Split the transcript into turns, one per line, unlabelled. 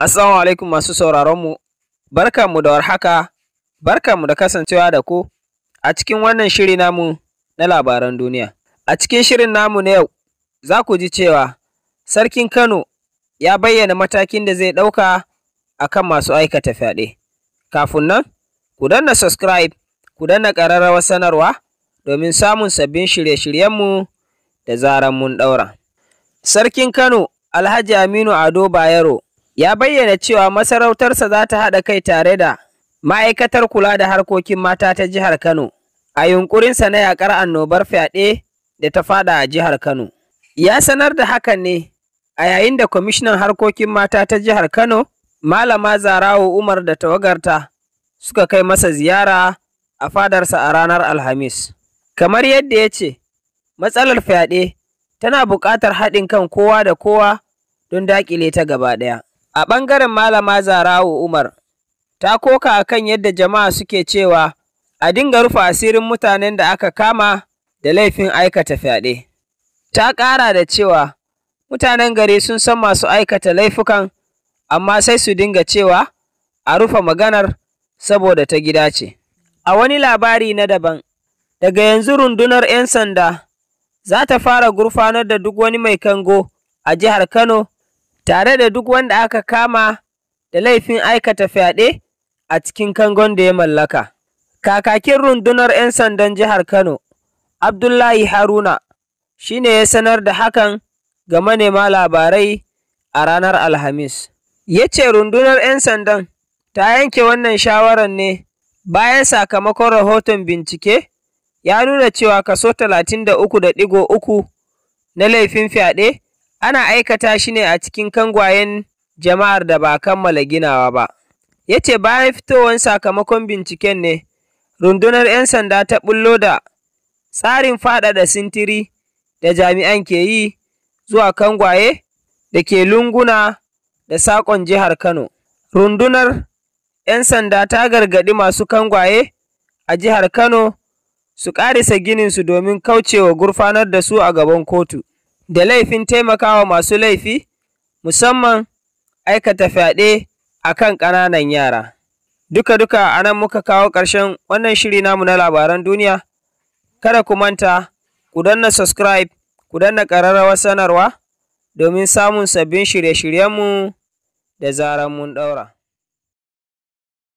Assalamu alaikum masu sauraronmu, barkanmu da warhaka, barkanmu da kasancewa da ku a cikin wannan shiri namu na labaran duniya. A cikin shirin namu na yau, za ku ji cewa Sarkin Kano ya bayyana matakin da zai ɗauka a kan masu aikata fyaɗe. Kafin nan, ku danna subscribe, ku danna ƙararrawar sanarwa domin samun sabbin shirye-shiryenmu da zaran mun ɗaura. Sarkin Kano Alhaji Aminu Ado Bayero ya bayyana cewa masarautarsa za ta haɗa kai tare da ma'aikatar kula da harkokin mata ta jihar Kano a yunƙurinsa na yaƙar annobar fyaɗe da ta faɗa a jihar Kano. Ya sanar da hakan ne a yayin da kwamishinan harkokin mata ta jihar Kano, Malama Zarawo Umar da tawagarta suka kai masa ziyara a fadarsa a ranar Alhamis. Kamar yadda ya ce, matsalar fyaɗe tana buƙatar haɗin kan kowa da kowa don daƙile ta gaba ɗaya. A ɓangaren Malama Zarawo Umar, ta koka a kan yadda jama'a suke cewa a dinga rufe asirin mutanen da aka kama da laifin aikata fyaɗe. Ta ƙara da cewa mutanen gari sun san masu aikata laifukan, amma sai su dinga cewa a rufe maganar saboda ta gida ce. A wani labari na daban, daga yanzu rundunar 'yan sanda za ta fara gurfanar da duk wani mai kango a jihar Kano. tare da duk wanda aka kama da laifin aikata fyaɗe a cikin kangon da ya mallaka. Kakakin rundunar 'yan sandan jihar Kano, Abdullahi Haruna, shi ne ya sanar da hakan ga manema labarai a ranar Alhamis. Ya ce rundunar 'yan sandan ta yanke wannan shawarar ne bayan sakamakon rahoton bincike ya nuna cewa kaso 33.3 na laifin fyaɗe ana aikata shi ne a cikin kangwayen jama'ar da ba kammala ginawa ba. Ya ce bayan fitowar sakamakon binciken ne, rundunar ‘yan sanda ta bullo da tsarin faɗaɗa sintiri da jami'an ke yi zuwa kangwaye da ke lunguna da saƙon jihar Kano. Rundunar ‘yan sanda ta gargaɗi masu kangwaye a jihar Kano su ƙarisa ginin su domin kaucewa gurfanar da su a gaban kotu. da laifin taimakawa masu laifi, musamman aikata fyaɗe a kan ƙananan yara. Duka-duka a nan muka kawo ƙarshen wannan shiri namu na labaran duniya. Kada ku manta, ku danna subscribe, ku danna ƙararrawar sanarwa domin samun sabbin shirye-shiryenmu da zaran mun ɗaura.